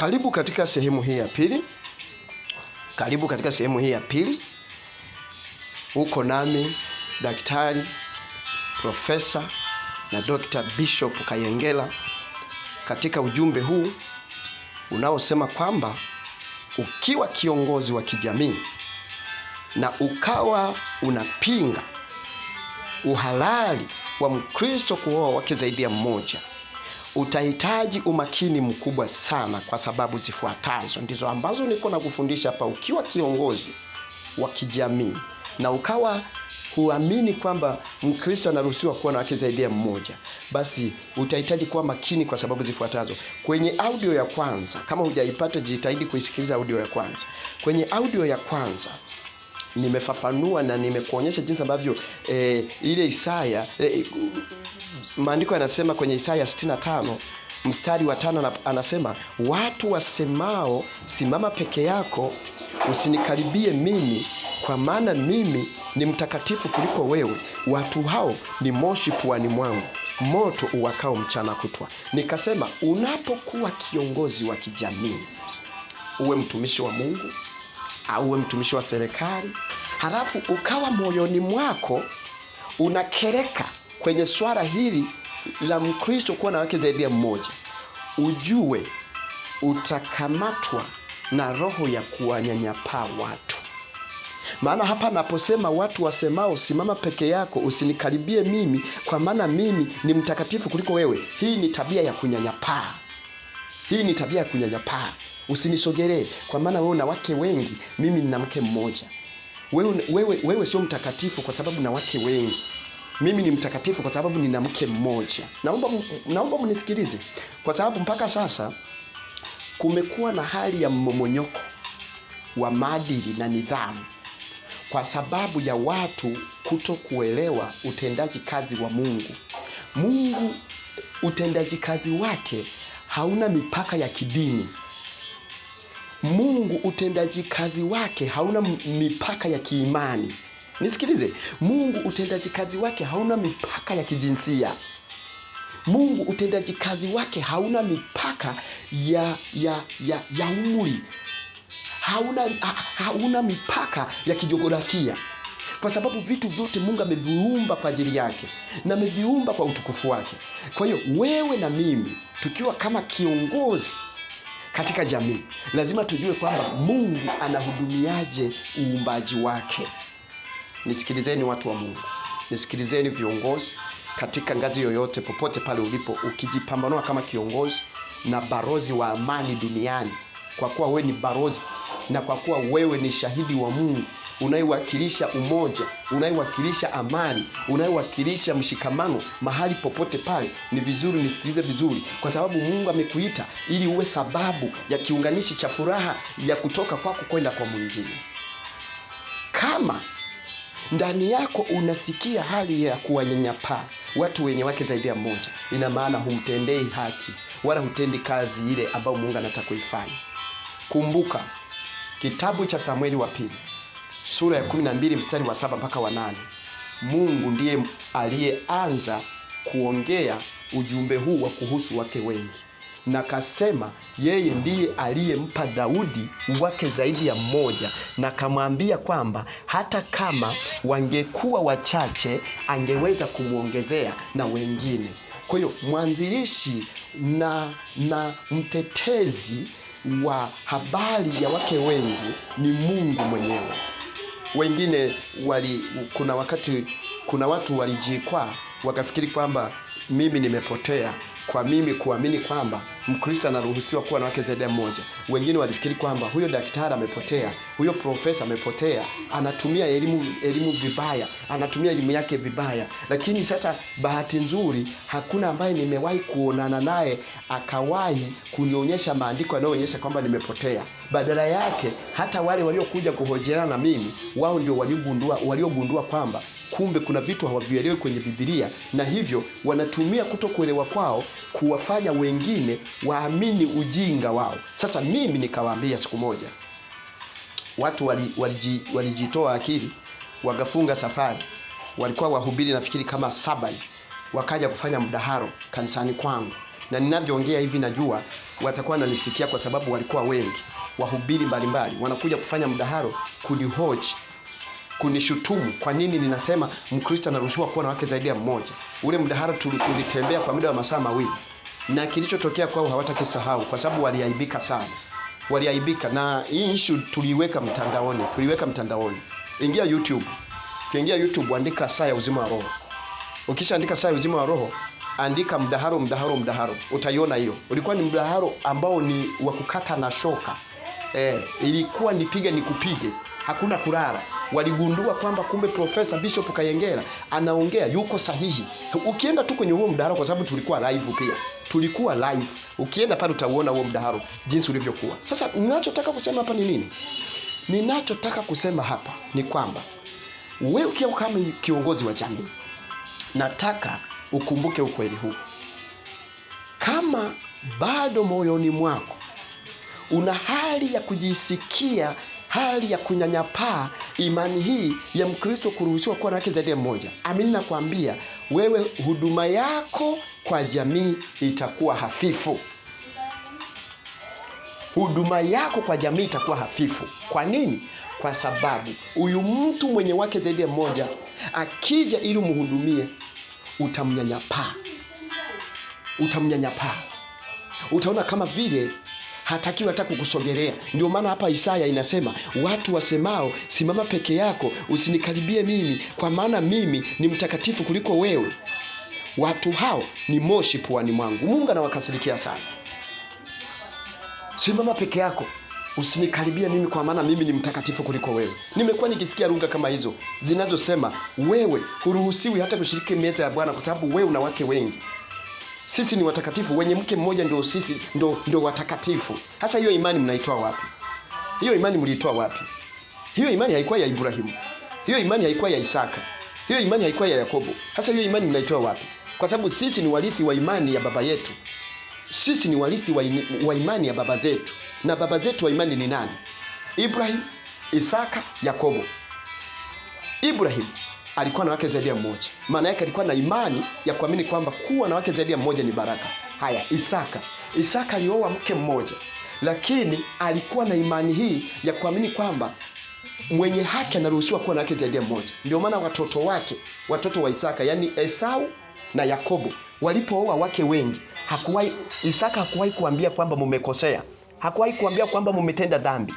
Karibu katika sehemu hii ya pili. Karibu katika sehemu hii ya pili. Uko nami Daktari Profesa na Dr. Bishop Kayengela katika ujumbe huu unaosema kwamba ukiwa kiongozi wa kijamii na ukawa unapinga uhalali wa Mkristo kuoa wake zaidi ya mmoja utahitaji umakini mkubwa sana kwa sababu zifuatazo ndizo ambazo niko na kufundisha hapa. Ukiwa kiongozi wa kijamii na ukawa huamini kwamba Mkristo anaruhusiwa kuwa na wake zaidi ya mmoja, basi utahitaji kuwa makini kwa sababu zifuatazo. Kwenye audio ya kwanza, kama hujaipata, jitahidi kuisikiliza audio ya kwanza. Kwenye audio ya kwanza nimefafanua na nimekuonyesha jinsi ambavyo e, ile Isaya e, maandiko yanasema kwenye Isaya 65 mstari wa tano anasema, watu wasemao simama peke yako, usinikaribie mimi, kwa maana mimi ni mtakatifu kuliko wewe. Watu hao ni moshi puani mwangu, moto uwakao mchana kutwa. Nikasema, unapokuwa kiongozi wa kijamii, uwe mtumishi wa Mungu auwe mtumishi wa serikali, halafu ukawa moyoni mwako unakereka kwenye swala hili la Mkristo kuwa na wake zaidi ya mmoja, ujue utakamatwa na roho ya kuwanyanyapaa watu. Maana hapa naposema watu wasemao, simama peke yako, usinikaribie mimi, kwa maana mimi ni mtakatifu kuliko wewe, hii ni tabia ya kunyanyapaa. Hii ni tabia ya kunyanyapaa usinisogelee, kwa maana wewe una wake wengi, mimi nina mke mmoja. Wewe, wewe, wewe sio mtakatifu kwa sababu na wake wengi, mimi ni mtakatifu kwa sababu nina mke mmoja. Naomba, naomba mnisikilize, kwa sababu mpaka sasa kumekuwa na hali ya mmomonyoko wa maadili na nidhamu kwa sababu ya watu kuto kuelewa utendaji kazi wa Mungu. Mungu utendaji kazi wake hauna mipaka ya kidini. Mungu utendaji kazi wake hauna mipaka ya kiimani. Nisikilize, Mungu utendaji kazi wake hauna mipaka ya kijinsia. Mungu utendaji kazi wake hauna mipaka ya ya ya, ya umri, hauna, hauna mipaka ya kijiografia, kwa sababu vitu vyote Mungu ameviumba kwa ajili yake na ameviumba kwa utukufu wake. Kwa hiyo wewe na mimi tukiwa kama kiongozi katika jamii, lazima tujue kwamba Mungu anahudumiaje uumbaji wake. Nisikilizeni watu wa Mungu, nisikilizeni viongozi katika ngazi yoyote, popote pale ulipo, ukijipambanua kama kiongozi na barozi wa amani duniani, kwa kuwa wewe ni barozi na kwa kuwa wewe ni shahidi wa Mungu unaiwakilisha umoja, unaiwakilisha amani, unaiwakilisha mshikamano mahali popote pale, ni vizuri nisikilize vizuri, kwa sababu Mungu amekuita ili uwe sababu ya kiunganishi cha furaha ya kutoka kwako kwenda kwa mwingine. Kama ndani yako unasikia hali ya kuwanyanyapaa watu wenye wake zaidi ya mmoja, ina maana humtendei haki wala hutendi kazi ile ambayo Mungu anataka kuifanya. Kumbuka kitabu cha Samueli wa pili sura ya 12 mstari wa saba mpaka wa nane. Mungu ndiye aliyeanza kuongea ujumbe huu wa kuhusu wake wengi, na kasema yeye ndiye aliyempa Daudi wake zaidi ya mmoja, na kamwambia kwamba hata kama wangekuwa wachache angeweza kumwongezea na wengine. Kwa hiyo mwanzilishi na, na mtetezi wa habari ya wake wengi ni Mungu mwenyewe wengine wali, kuna wakati kuna watu walijikwaa wakafikiri kwamba mimi nimepotea kwa mimi kuamini kwamba Mkristo anaruhusiwa kuwa na wake zaidi ya mmoja. Wengine walifikiri kwamba huyo daktari amepotea, huyo profesa amepotea, anatumia elimu elimu vibaya, anatumia elimu yake vibaya. Lakini sasa, bahati nzuri, hakuna ambaye nimewahi kuonana naye akawahi kunionyesha maandiko yanayoonyesha kwamba nimepotea. Badala yake, hata wale waliokuja kuhojeana na mimi, wao ndio waliogundua waliogundua kwamba kumbe kuna vitu hawavielewi kwenye bibilia na hivyo wanatumia kutokuelewa kwao kuwafanya wengine waamini ujinga wao. Sasa mimi nikawaambia siku moja, watu walijitoa wali, wali akili wakafunga safari, walikuwa wahubiri nafikiri kama saba wakaja kufanya mdaharo kanisani kwangu, na ninavyoongea hivi najua watakuwa wananisikia kwa sababu walikuwa wengi, wahubiri mbalimbali wanakuja kufanya mdaharo kunihoji kunishutumu kwa nini ninasema Mkristo anaruhusiwa kuwa na wake zaidi ya mmoja. Ule mdahara tulitembea kwa muda wa masaa mawili, na kilichotokea kwao hawatakisahau kwa sababu waliaibika sana, waliaibika. Na hii ishu tuliiweka mtandaoni, tuliiweka mtandaoni. Ingia YouTube, ukiingia YouTube andika saa ya uzima wa roho. Ukishaandika saa ya uzima wa roho andika mdaharo, mdaharo, mdaharo, utaiona hiyo. Ulikuwa ni mdaharo ambao ni wa kukata na shoka eh, ilikuwa nipiga nikupige, hakuna kulala. Waligundua kwamba kumbe Profesa Bishop Kayengera anaongea, yuko sahihi. Ukienda tu kwenye huo mdahalo, kwa sababu tulikuwa live pia, tulikuwa live. Ukienda pale utauona huo mdahalo jinsi ulivyokuwa. Sasa ninachotaka kusema hapa ni nini? Ninachotaka kusema hapa ni kwamba wewe ukiwa kama kiongozi wa jamii, nataka ukumbuke ukweli huu, kama bado moyoni mwako una hali ya kujisikia hali ya kunyanyapaa. Imani hii ya Mkristo kuruhusiwa kuwa na wake zaidi ya mmoja. Amini nakwambia wewe, huduma yako kwa jamii itakuwa hafifu. Huduma yako kwa jamii itakuwa hafifu. Kwa nini? Kwa sababu huyu mtu mwenye wake zaidi ya mmoja akija ili umhudumie, utamnyanyapaa, utamnyanyapaa, utaona kama vile hatakiwi hata kukusogelea. Ndio maana hapa Isaya inasema watu wasemao, simama peke yako, usinikaribie mimi, kwa maana mimi ni mtakatifu kuliko wewe. Watu hao ni moshi puani mwangu. Mungu anawakasirikia sana. Simama peke yako usinikaribie mimi kwa maana mimi ni mtakatifu kuliko wewe. Nimekuwa nikisikia lugha kama hizo zinazosema wewe huruhusiwi hata kushiriki meza ya Bwana kwa sababu wewe una wake wengi sisi ni watakatifu, wenye mke mmoja ndio sisi, ndo, ndo watakatifu. Hasa hiyo imani mnaitoa wapi? Hiyo imani mliitoa wapi? Hiyo imani haikuwa ya Ibrahimu, hiyo imani haikuwa ya Isaka, hiyo imani haikuwa ya Yakobo. Hasa hiyo imani mnaitoa wapi? Kwa sababu sisi ni warithi wa imani ya baba yetu, sisi ni warithi wa, wa imani ya baba zetu. Na baba zetu wa imani ni nani? ibrahim Isaka, Yakobo. Ibrahimu alikuwa na wake zaidi ya mmoja. Maana yake alikuwa na imani ya kuamini kwamba kuwa na wake zaidi ya mmoja ni baraka. Haya, Isaka. Isaka alioa mke mmoja, lakini alikuwa na imani hii ya kuamini kwamba mwenye haki anaruhusiwa kuwa na wake zaidi ya mmoja. Ndio maana watoto wake, watoto wa Isaka, yani Esau na Yakobo, walipooa wake wengi, hakuwahi Isaka hakuwahi kuambia kwamba mumekosea, hakuwahi kuambia kwamba mumetenda dhambi.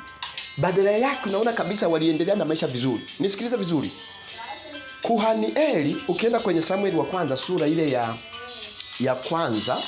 Badala yake unaona kabisa waliendelea na maisha vizuri. Nisikilize vizuri. Kuhani Eli, ukienda kwenye Samueli wa kwanza sura ile ya, ya kwanza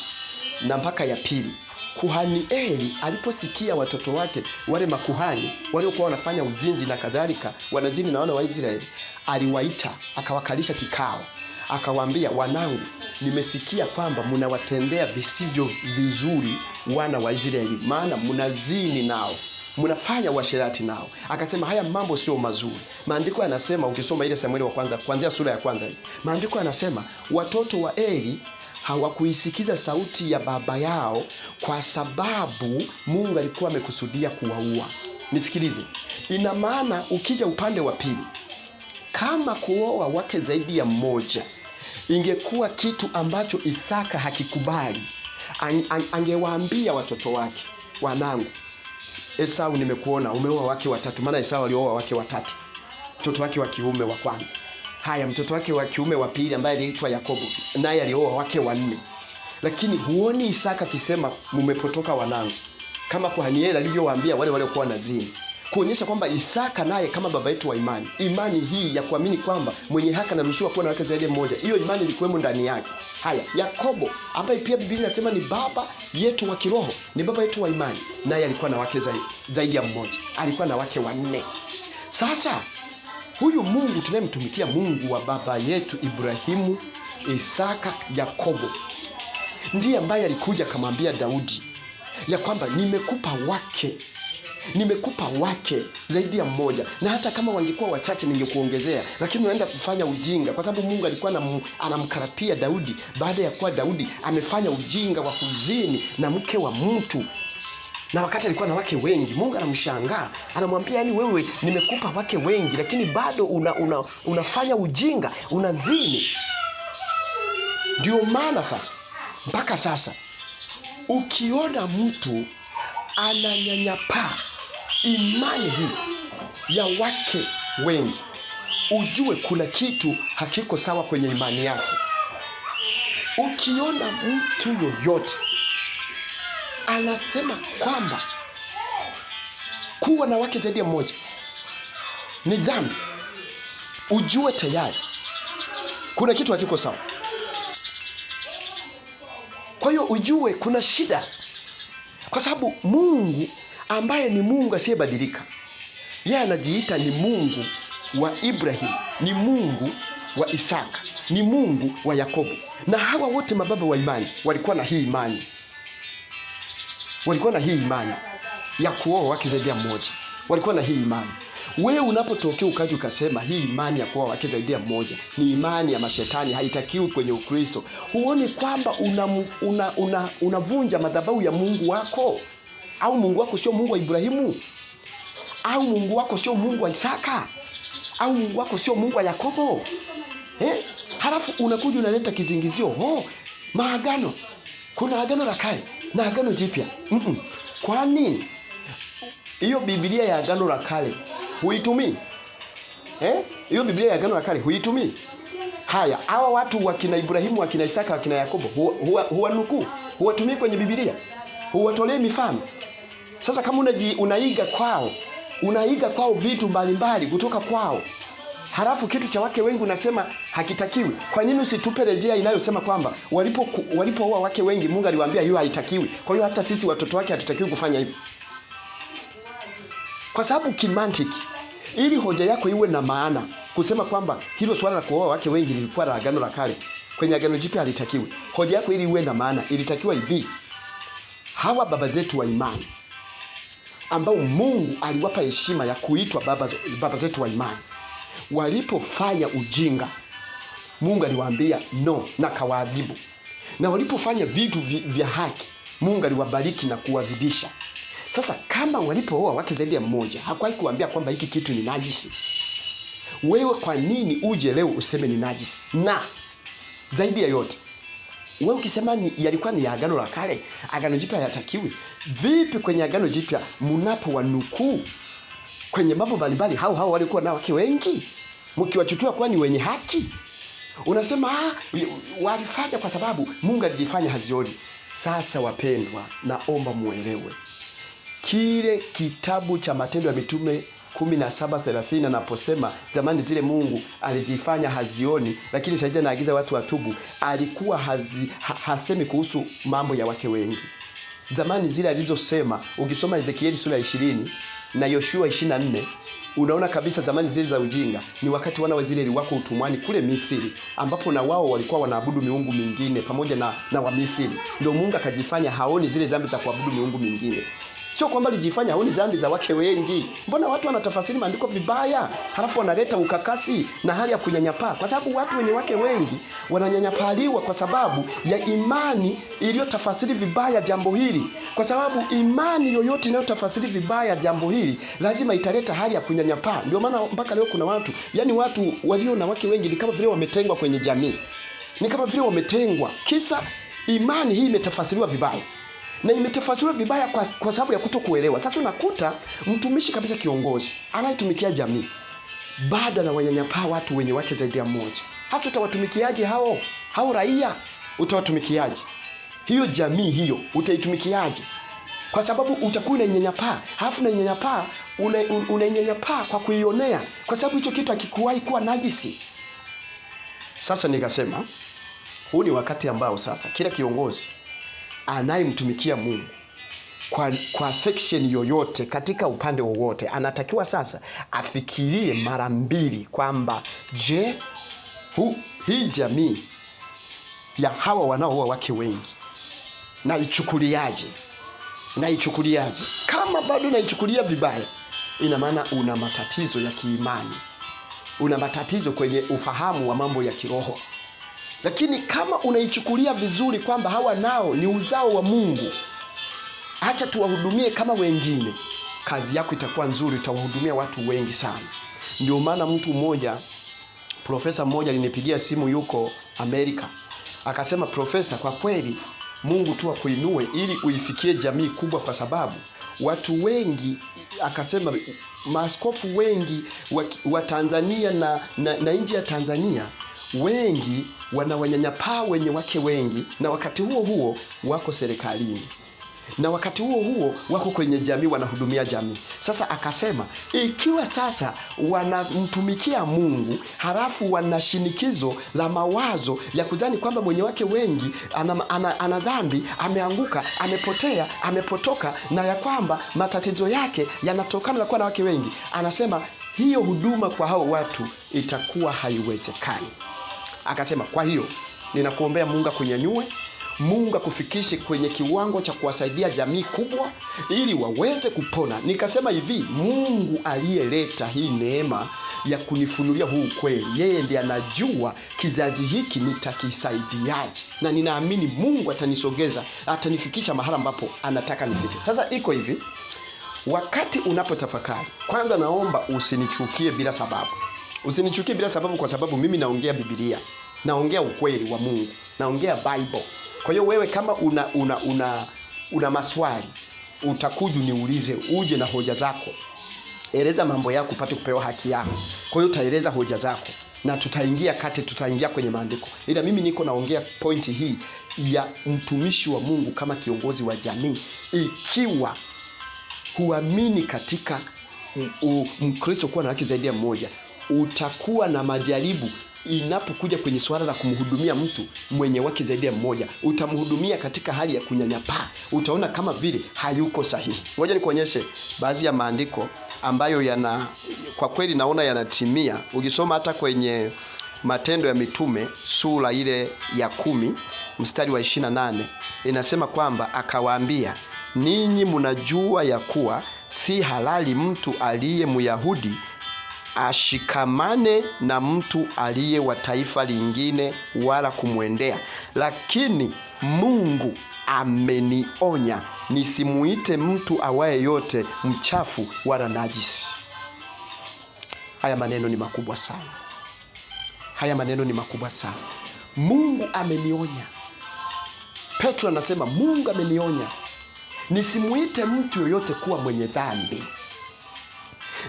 na mpaka ya pili, kuhani Eli aliposikia watoto wake wale makuhani waliokuwa wanafanya uzinzi na kadhalika, wanazini na wana wa Israeli, aliwaita akawakalisha kikao, akawaambia, wanangu, nimesikia kwamba mnawatendea visivyo vizuri wana wa Israeli, maana mnazini nao mnafanya uasherati nao. Akasema haya mambo sio mazuri. Maandiko yanasema ukisoma ile Samueli wa kwanza kuanzia sura ya kwanza hii, maandiko yanasema watoto wa Eli hawakuisikiza sauti ya baba yao, kwa sababu Mungu alikuwa amekusudia kuwaua. Nisikilize, ina maana ukija upande wa pili, kama kuoa wake zaidi ya mmoja ingekuwa kitu ambacho Isaka hakikubali, angewaambia watoto wake, wanangu Esau nimekuona umeoa wake watatu, maana Esau alioa wake watatu, mtoto wake wa kiume wa kwanza. Haya, mtoto wake wa kiume wa pili ambaye aliitwa Yakobo, naye alioa wake wanne. Lakini huoni Isaka akisema mumepotoka wanangu, kama kwa Hanieli alivyowaambia wale waliokuwa nazini kuonyesha kwamba Isaka naye kama baba yetu wa imani, imani hii ya kuamini kwamba mwenye haki anaruhusiwa kuwa na wake zaidi mmoja, hiyo imani ilikuwemo ndani yake. Haya, Yakobo ambaye pia Biblia inasema ni baba yetu wa kiroho, ni baba yetu wa imani, naye alikuwa na wake zaidi, ya mmoja, alikuwa na wake wanne. Sasa huyu Mungu tunayemtumikia, Mungu wa baba yetu Ibrahimu, Isaka, Yakobo, ndiye ambaye alikuja akamwambia Daudi ya kwamba nimekupa wake nimekupa wake zaidi ya mmoja, na hata kama wangekuwa wachache ningekuongezea, lakini unaenda kufanya ujinga, kwa sababu Mungu alikuwa anamkarapia Daudi baada ya kuwa Daudi amefanya ujinga wa kuzini na mke wa mtu na wakati alikuwa na wake wengi. Mungu anamshangaa, anamwambia yani, wewe nimekupa wake wengi, lakini bado una, una, unafanya ujinga, unazini. Ndio maana sasa mpaka sasa ukiona mtu ananyanyapaa imani hii ya wake wengi, ujue kuna kitu hakiko sawa kwenye imani yake. Ukiona mtu yoyote anasema kwamba kuwa na wake zaidi ya mmoja ni dhambi, ujue tayari kuna kitu hakiko sawa. Kwa hiyo ujue kuna shida, kwa sababu Mungu ambaye ni Mungu asiyebadilika. Yeye anajiita ni Mungu wa Ibrahim, ni Mungu wa Isaka, ni Mungu wa Yakobo. Na hawa wote mababa wa imani walikuwa na hii imani, walikuwa na hii imani ya kuoa wake zaidi ya mmoja, walikuwa na hii imani. Wewe unapotokea ukaji ukasema hii imani ya kuoa wake zaidi ya mmoja ni imani ya mashetani, haitakiwi kwenye Ukristo, huoni kwamba unavunja una, una, una madhabahu ya Mungu wako? Au Mungu wako sio Mungu wa Ibrahimu? Au Mungu wako sio Mungu wa Isaka? Au Mungu wako sio Mungu wa Yakobo? Eh? Halafu unakuja unaleta kizingizio. Oh, maagano. Kuna agano la kale na agano jipya. Mm -mm. Kwa nini? Hiyo Biblia ya agano la kale huitumii? Eh? Hiyo Biblia ya agano la kale huitumii? Haya, hawa watu wa kina Ibrahimu, wa kina Isaka, wa kina Yakobo huwanukuu, huwa huwatumii kwenye Biblia, huwatolee mifano. Sasa kama unaji, unaiga kwao, unaiga kwao vitu mbalimbali kutoka kwao, halafu kitu cha wake wengi unasema hakitakiwi. Kwa nini usitupe rejea inayosema kwamba walipo walipoua wake wengi Mungu aliwaambia hiyo haitakiwi, kwa hiyo hata sisi watoto wake hatutakiwi kufanya hivyo? Kwa sababu kimantiki, ili hoja yako iwe na maana kusema kwamba hilo swala la kuoa wake wengi lilikuwa la agano la kale, kwenye agano jipya halitakiwi. Hoja yako ili iwe na maana, ilitakiwa hivi: hawa baba zetu wa imani ambao Mungu aliwapa heshima ya kuitwa baba, baba zetu wa imani. Walipofanya ujinga, Mungu aliwaambia no na kawaadhibu, na walipofanya vitu vya haki, Mungu aliwabariki na kuwazidisha. Sasa kama walipooa wake zaidi ya mmoja, hakuwahi kuambia kwamba hiki kitu ni najisi. Wewe kwa nini uje leo useme ni najisi? Na zaidi ya yote we ukisema ni, yalikuwa ni agano la kale, agano jipya hayatakiwi. Vipi kwenye agano jipya mnapo wanukuu kwenye mambo mbalimbali hao hao walikuwa na wake wengi, mkiwachukua kuwa ni wenye haki? Unasema ah, walifanya kwa sababu Mungu alijifanya hazioni. Sasa wapendwa, naomba muelewe kile kitabu cha Matendo ya Mitume 17:30 anaposema zamani zile Mungu alijifanya hazioni, lakini sasa anaagiza watu watubu. Alikuwa hazi, ha, hasemi kuhusu mambo ya wake wengi zamani zile alizosema. Ukisoma Ezekieli sura ya 20 na Yoshua 24 unaona kabisa zamani zile za ujinga ni wakati wana wa Israeli wako utumwani kule Misri, ambapo na wao walikuwa wanaabudu miungu mingine pamoja na, na wa Misri. Ndio Mungu akajifanya haoni zile dhambi za kuabudu miungu mingine. Sio kwamba alijifanya huni dhambi za wake wengi. Mbona watu wanatafasiri maandiko vibaya, halafu wanaleta ukakasi na hali ya kunyanyapaa, kwa sababu watu wenye wake wengi wananyanyapaliwa kwa sababu ya imani iliyotafasiri vibaya jambo hili, kwa sababu imani yoyote inayotafasiri vibaya jambo hili lazima italeta hali ya kunyanyapaa. Ndio maana mpaka leo kuna watu yani, watu walio na wake wengi ni kama vile wametengwa kwenye jamii, ni kama vile wametengwa, kisa imani hii imetafasiriwa vibaya na imetafasiriwa vibaya kwa, kwa sababu ya kutokuelewa. Sasa unakuta mtumishi kabisa, kiongozi anayetumikia jamii bado anawanyanyapaa watu wenye wake zaidi ya mmoja, hasa utawatumikiaje hao hao raia? Utawatumikiaje hiyo jamii hiyo? Utaitumikiaje? Kwa sababu utakuwa unanyanyapaa, halafu unainyanyapaa unanyanyapaa kwa kuionea, kwa sababu hicho kitu hakikuwahi kuwa najisi. Sasa nikasema huu ni wakati ambao sasa kila kiongozi anayemtumikia Mungu kwa, kwa section yoyote katika upande wowote anatakiwa sasa afikirie mara mbili kwamba je, hu, hii jamii ya hawa wanaooa wake wengi naichukuliaje? Naichukuliaje? Kama bado naichukulia vibaya, ina maana una matatizo ya kiimani, una matatizo kwenye ufahamu wa mambo ya kiroho. Lakini kama unaichukulia vizuri kwamba hawa nao ni uzao wa Mungu, hata tuwahudumie kama wengine, kazi yako itakuwa nzuri, utawahudumia watu wengi sana. Ndio maana mtu mmoja, profesa mmoja alinipigia simu, yuko Amerika, akasema, profesa, kwa kweli Mungu tu akuinue ili uifikie jamii kubwa, kwa sababu watu wengi akasema maaskofu wengi wa, wa Tanzania na, na, na nje ya Tanzania wengi wana wanyanyapaa wenye wake wengi, na wakati huo huo wako serikalini na wakati huo huo wako kwenye jamii, wanahudumia jamii. Sasa akasema ikiwa sasa wanamtumikia Mungu halafu wana shinikizo la mawazo ya kudhani kwamba mwenye wake wengi ana, ana, ana dhambi, ameanguka, amepotea, amepotoka, na ya kwamba matatizo yake yanatokana na kuwa na wake wengi, anasema hiyo huduma kwa hao watu itakuwa haiwezekani. Akasema, kwa hiyo ninakuombea Mungu akunyanyue, Mungu akufikishe kwenye kiwango cha kuwasaidia jamii kubwa ili waweze kupona. Nikasema hivi, Mungu aliyeleta hii neema ya kunifunulia huu kweli, yeye ndiye anajua kizazi hiki nitakisaidiaje, na ninaamini Mungu atanisogeza, atanifikisha mahala ambapo anataka nifike. Sasa iko hivi, wakati unapotafakari, kwanza naomba usinichukie bila sababu. Usinichukie bila sababu, kwa sababu mimi naongea Biblia, naongea ukweli wa Mungu, naongea Bible. Kwa hiyo wewe kama una una una, una maswali utakuja niulize, uje na hoja zako, eleza mambo yako upate kupewa haki yako. Kwa hiyo utaeleza hoja zako na tutaingia kati, tutaingia kwenye maandiko, ila mimi niko naongea pointi hii ya mtumishi wa Mungu kama kiongozi wa jamii. Ikiwa huamini katika Mkristo kuwa na haki zaidi ya mmoja utakuwa na majaribu inapokuja kwenye suala la kumhudumia mtu mwenye wake zaidi ya mmoja, utamhudumia katika hali ya kunyanyapaa, utaona kama vile hayuko sahihi. Ngoja nikuonyeshe baadhi ya maandiko ambayo yana kwa kweli naona yanatimia. Ukisoma hata kwenye Matendo ya Mitume sura ile ya kumi mstari wa ishirini na nane inasema kwamba akawaambia, ninyi mnajua ya kuwa si halali mtu aliye Myahudi ashikamane na mtu aliye wa taifa lingine wala kumwendea, lakini Mungu amenionya nisimuite mtu awaye yote mchafu wala najisi. Haya maneno ni makubwa sana, haya maneno ni makubwa sana. Mungu amenionya. Petro anasema Mungu amenionya nisimuite mtu yoyote kuwa mwenye dhambi.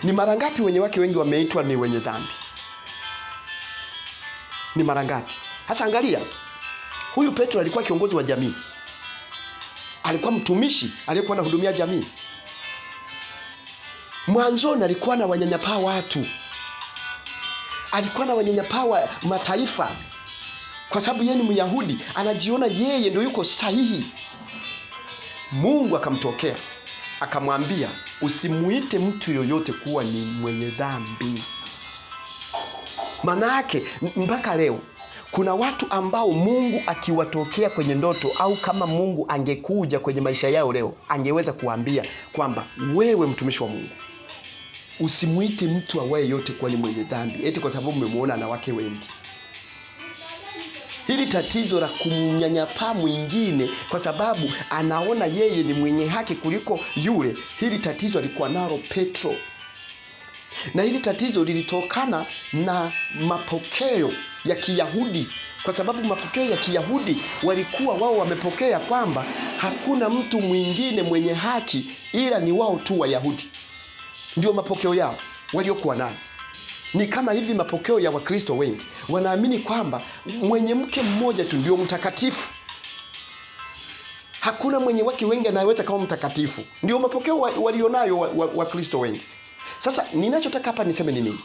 Ni mara ngapi wenye wake wengi wameitwa ni wenye dhambi? Ni mara ngapi? Hasa angalia, huyu Petro alikuwa kiongozi wa jamii, alikuwa mtumishi aliyekuwa anahudumia jamii. Mwanzoni alikuwa na wanyanyapaa watu, alikuwa na wanyanyapaa wa mataifa, kwa sababu yeye ni Myahudi, anajiona yeye ndio yuko sahihi. Mungu akamtokea akamwambia usimuite mtu yoyote kuwa ni mwenye dhambi. Maana yake mpaka leo kuna watu ambao Mungu akiwatokea kwenye ndoto au kama Mungu angekuja kwenye maisha yao leo, angeweza kuambia kwamba wewe mtumishi wa Mungu usimuite mtu awaye yote kuwa ni mwenye dhambi, eti kwa sababu umemwona na wake wengi hili tatizo la kumnyanyapaa mwingine kwa sababu anaona yeye ni mwenye haki kuliko yule, hili tatizo alikuwa nalo Petro, na hili tatizo lilitokana na mapokeo ya Kiyahudi kwa sababu mapokeo ya Kiyahudi walikuwa wao wamepokea kwamba hakuna mtu mwingine mwenye haki ila ni wao tu Wayahudi. Ndio mapokeo yao waliokuwa nayo. Ni kama hivi mapokeo ya Wakristo wengi wanaamini kwamba mwenye mke mmoja tu ndio mtakatifu. Hakuna mwenye wake wengi anayeweza kama mtakatifu. Ndio mapokeo walionayo wa, wa, Wakristo wengi. Sasa ninachotaka hapa niseme ni nini?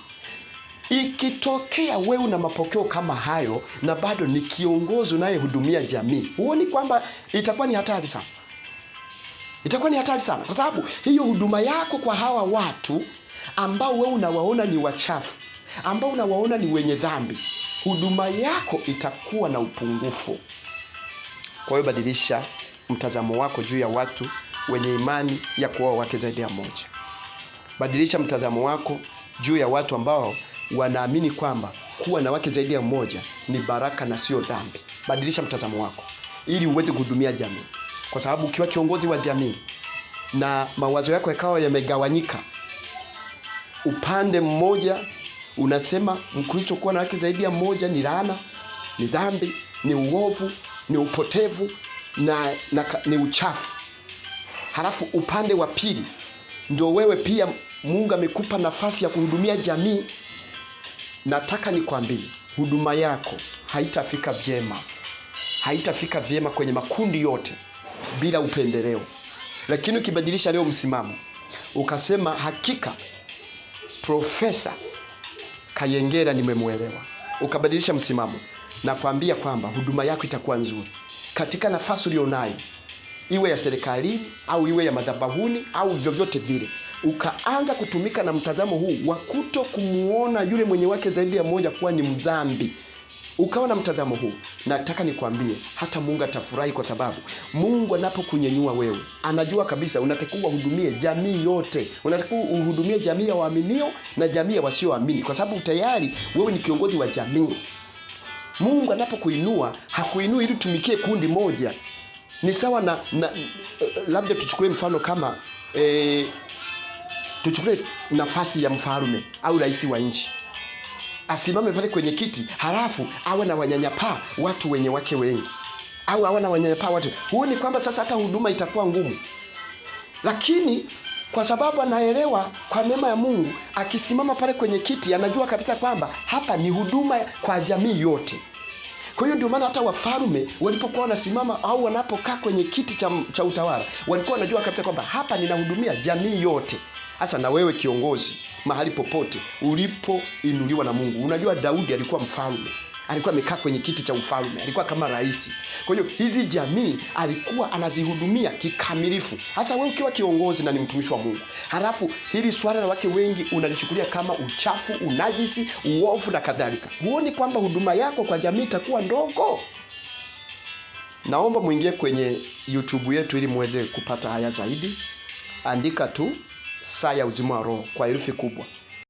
Ikitokea wewe una mapokeo kama hayo na bado ni kiongozi unayehudumia jamii, huoni kwamba itakuwa ni hatari sana? Itakuwa ni hatari sana, kwa sababu hiyo huduma yako kwa hawa watu ambao wewe unawaona ni wachafu, ambao unawaona ni wenye dhambi, huduma yako itakuwa na upungufu. Kwa hiyo badilisha mtazamo wako juu ya watu wenye imani ya kuoa wake zaidi ya moja. Badilisha mtazamo wako juu ya watu ambao wanaamini kwamba kuwa na wake zaidi ya mmoja ni baraka na sio dhambi. Badilisha mtazamo wako ili uweze kuhudumia jamii, kwa sababu ukiwa kiongozi wa jamii na mawazo yako yakawa yamegawanyika upande mmoja unasema Mkristo kuwa na wake zaidi ya mmoja ni laana, ni dhambi, ni uovu, ni upotevu na, na ni uchafu. Halafu upande wa pili ndio wewe pia Mungu amekupa nafasi ya kuhudumia jamii. Nataka nikwambie huduma yako haitafika vyema, haitafika vyema kwenye makundi yote bila upendeleo. Lakini ukibadilisha leo msimamo ukasema hakika Profesa Kayengera nimemwelewa, ukabadilisha msimamo, nakwambia kwamba huduma yako itakuwa nzuri katika nafasi ulionayo, iwe ya serikalini au iwe ya madhabahuni au vyovyote vile, ukaanza kutumika na mtazamo huu wa kuto kumuona yule mwenye wake zaidi ya mmoja kuwa ni mdhambi ukawa na mtazamo huu, nataka nikwambie hata Mungu atafurahi, kwa sababu Mungu anapokunyanyua wewe, anajua kabisa unatakiwa uhudumie jamii yote, unatakiwa uhudumie jamii ya waaminio na jamii ya wasioamini, kwa sababu tayari wewe ni kiongozi wa jamii. Mungu anapokuinua hakuinui ili tumikie kundi moja. Ni sawa na, na labda tuchukue mfano kama e, tuchukue nafasi ya mfalme au rais wa nchi asimame pale kwenye kiti, halafu awe na wanyanyapaa watu wenye wake wengi, au awe na wanyanyapaa watu. ni kwamba sasa hata huduma itakuwa ngumu? Lakini kwa sababu anaelewa kwa neema ya Mungu, akisimama pale kwenye kiti, anajua kabisa kwamba hapa ni huduma kwa jamii yote. Kwa hiyo ndio maana hata wafalme walipokuwa wanasimama au wanapokaa kwenye kiti cha, cha utawala walikuwa wanajua kabisa kwamba hapa ninahudumia jamii yote. Hasa na wewe kiongozi, mahali popote ulipoinuliwa na Mungu. Unajua Daudi alikuwa mfalme, alikuwa amekaa kwenye kiti cha ufalme, alikuwa kama rais. Kwa hiyo hizi jamii alikuwa anazihudumia kikamilifu. Hasa wewe ukiwa kiongozi na ni mtumishi wa Mungu, halafu hili swala la wake wengi unalichukulia kama uchafu, unajisi, uovu na kadhalika, huoni kwamba huduma yako kwa jamii itakuwa ndogo? Naomba mwingie kwenye YouTube yetu ili muweze kupata haya zaidi. Andika tu saa ya uzima wa roho kwa herufi kubwa.